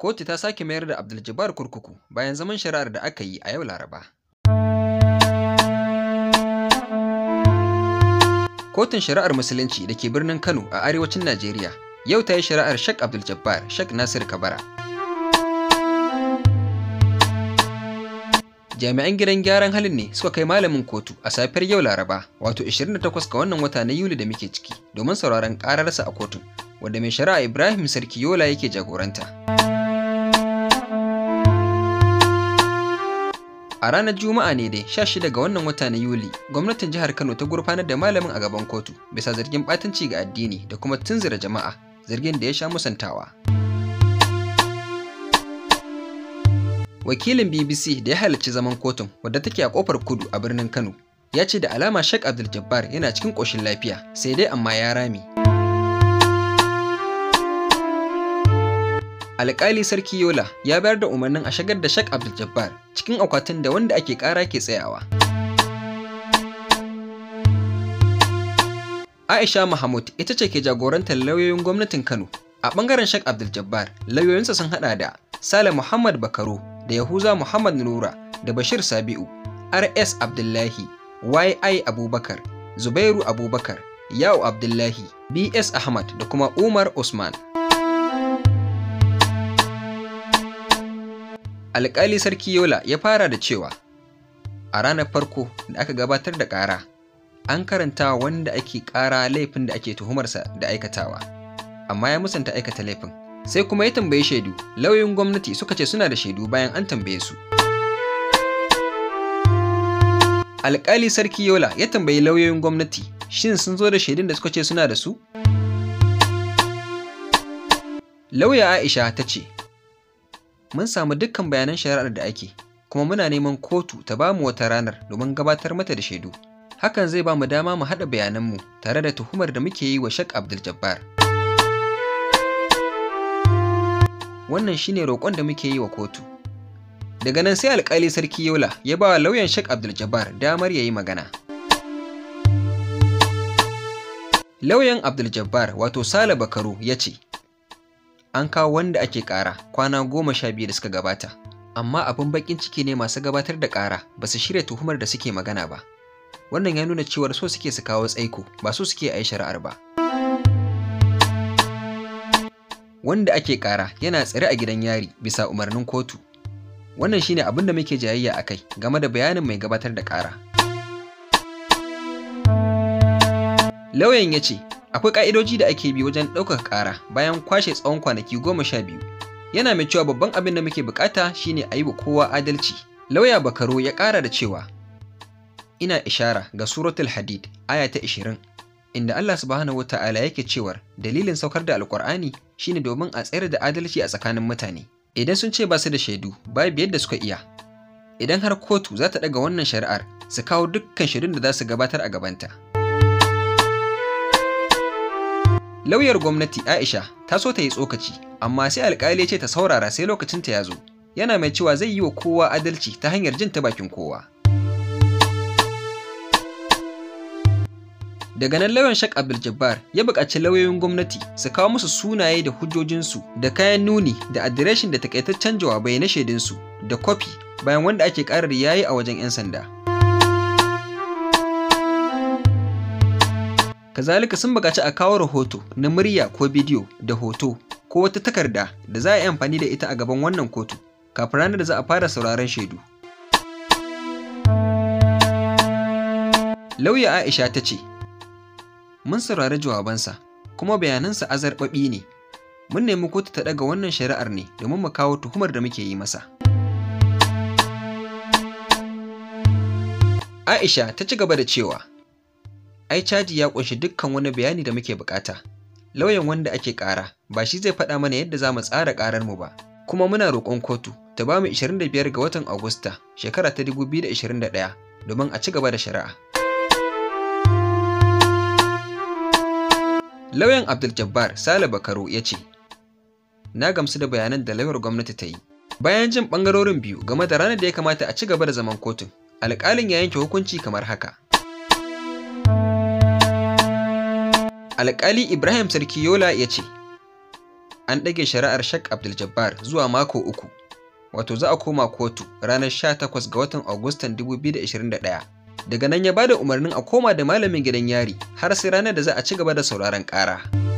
kotu ta sake mayar da abdul kurkuku bayan zaman shari'ar da aka yi a yau laraba kotun shari'ar musulunci da ke birnin kano a arewacin najeriya yau ta yi shari'ar shek abdul-jabbar shek nasir kabara jami'an gidan gyaran halin ne suka kai malamin kotu a safiyar yau laraba wato 28 ga wannan wata na yuli da muke ciki domin sauraron kararsa a kotun wadda mai shari'a ibrahim sarki yola yake jagoranta A ranar Juma'a ne dai 16 ga wannan wata na Yuli, gwamnatin jihar Kano ta gurfanar da malamin a gaban kotu bisa zargin ɓatanci ga addini da kuma tunzura jama'a, zargin da ya sha musantawa. Wakilin BBC da ya halarci zaman kotun wadda take a kofar kudu a birnin Kano ya ce da alama Sheikh Abdul Jabbar yana cikin ƙoshin lafiya sai dai amma ya rami. alƙali sarki yola ya bayar da umarnin a shagar da shak abdul jabbar cikin akwatin da wanda ake ƙara ke tsayawa aisha mahmud ita ce ke jagorantar lauyoyin gwamnatin kano a ɓangaren shak abdul jabbar lauyoyinsa sun haɗa da sale muhammad bakaro da yahuza muhammad nura da bashir sabi'u rs abdullahi yi abubakar zubairu abubakar yau abdullahi bs ahmad da kuma umar usman alƙali sarki yola ya fara da cewa a ranar farko da aka gabatar da ƙara an karanta wanda ake ƙara laifin da ake tuhumarsa da aikatawa amma ya musanta aikata laifin sai kuma ya tambayi shaidu lauyoyin gwamnati suka ce suna da shaidu bayan an tambaye su alƙali sarki yola ya tambayi lauyoyin gwamnati shin sun zo da shaidun da suka ce suna da su lauya aisha ta ce mun samu dukkan bayanan shari'ar da ake kuma muna neman kotu ta ba mu wata ranar domin gabatar mata da shaidu hakan zai ba mu dama mu haɗa bayananmu tare da tuhumar da muke yi wa shak abdul jabbar wannan shine roƙon da muke yi wa kotu daga nan sai alƙali sarki yola ya ba wa lauyan shak abdul jabbar damar ya yi magana lauyan abdul jabbar wato sale bakaru ya ce an kawo wanda ake ƙara kwana goma sha biyu da suka gabata amma abin bakin ciki ne masu gabatar da ƙara ba su shirya tuhumar da suke magana ba wannan ya nuna cewar so suke su kawo tsaiko ba so suke a yi shari'ar ba wanda ake ƙara yana tsare a gidan yari bisa umarnin kotu wannan shine abin da muke jayayya a kai game da bayanin mai gabatar da ƙara lauyan ya ce Akwai ƙa'idoji da ake bi wajen ɗaukar ƙara bayan kwashe tsawon kwanaki goma sha biyu. Yana mai cewa babban abin da muke bukata shine a yi wa kowa adalci. Lauya Bakaro ya ƙara da cewa, Ina ishara ga Suratul Hadid, aya ta ishirin, inda Allah subhanahu wa ta'ala yake cewar dalilin saukar da Alƙur'ani shine domin a tsayar da adalci a tsakanin mutane. Idan sun ce ba su da shaidu, babu yadda suka iya. Idan har kotu za ta ɗaga wannan shari'ar, su kawo dukkan shirin da za su gabatar a gabanta. Lauyar gwamnati Aisha ta so ta yi tsokaci, amma sai alƙali ce ta saurara sai lokacin ta ya zo. Yana mai cewa zai yi wa kowa adalci ta hanyar jin ta bakin kowa. Daga nan lauyan Shak Abdul Jabbar ya buƙaci lauyoyin gwamnati su kawo musu sunaye da hujjojinsu da kayan nuni da adireshin da takaitaccen jawabai na shaidunsu da kwafi bayan wanda ake ƙarar yayi a wajen 'yan sanda. Kazalika sun buƙaci a kawo rahoto na murya ko bidiyo da hoto ko wata takarda da za a yi amfani da ita a gaban wannan kotu kafin ranar da za a fara sauraron shaidu. Lauya Aisha ta ce, Mun saurari jawabansa, kuma bayanansa azarɓaɓi ne. Mun nemi kotu ta ɗaga wannan shari'ar ne domin mu kawo tuhumar da muke yi masa. Aisha ta ci gaba da cewa, ai caji ya ƙunshi dukkan wani bayani da muke buƙata. Lauyan wanda ake ƙara ba shi zai faɗa mana yadda za mu tsara ƙarar mu ba. Kuma muna roƙon kotu ta ba mu 25 ga watan Agusta shekara ta 2021 domin a ci gaba da shari'a. Lauyan Abdul Jabbar Sale Bakaro ya ce, Na gamsu da bayanan da lauyar gwamnati ta yi. Bayan jin ɓangarorin biyu game da ranar da ya kamata a ci gaba da zaman kotun, alƙalin ya yanke hukunci kamar haka. alƙali ibrahim sarki yola ya ce an ɗage shari'ar shak abdul jabbar zuwa mako uku wato za a koma kotu ranar 18 ga watan agustan 2021 daga nan ya bada umarnin a koma da malamin gidan yari har sai ranar da za a ci gaba da sauraron ƙara.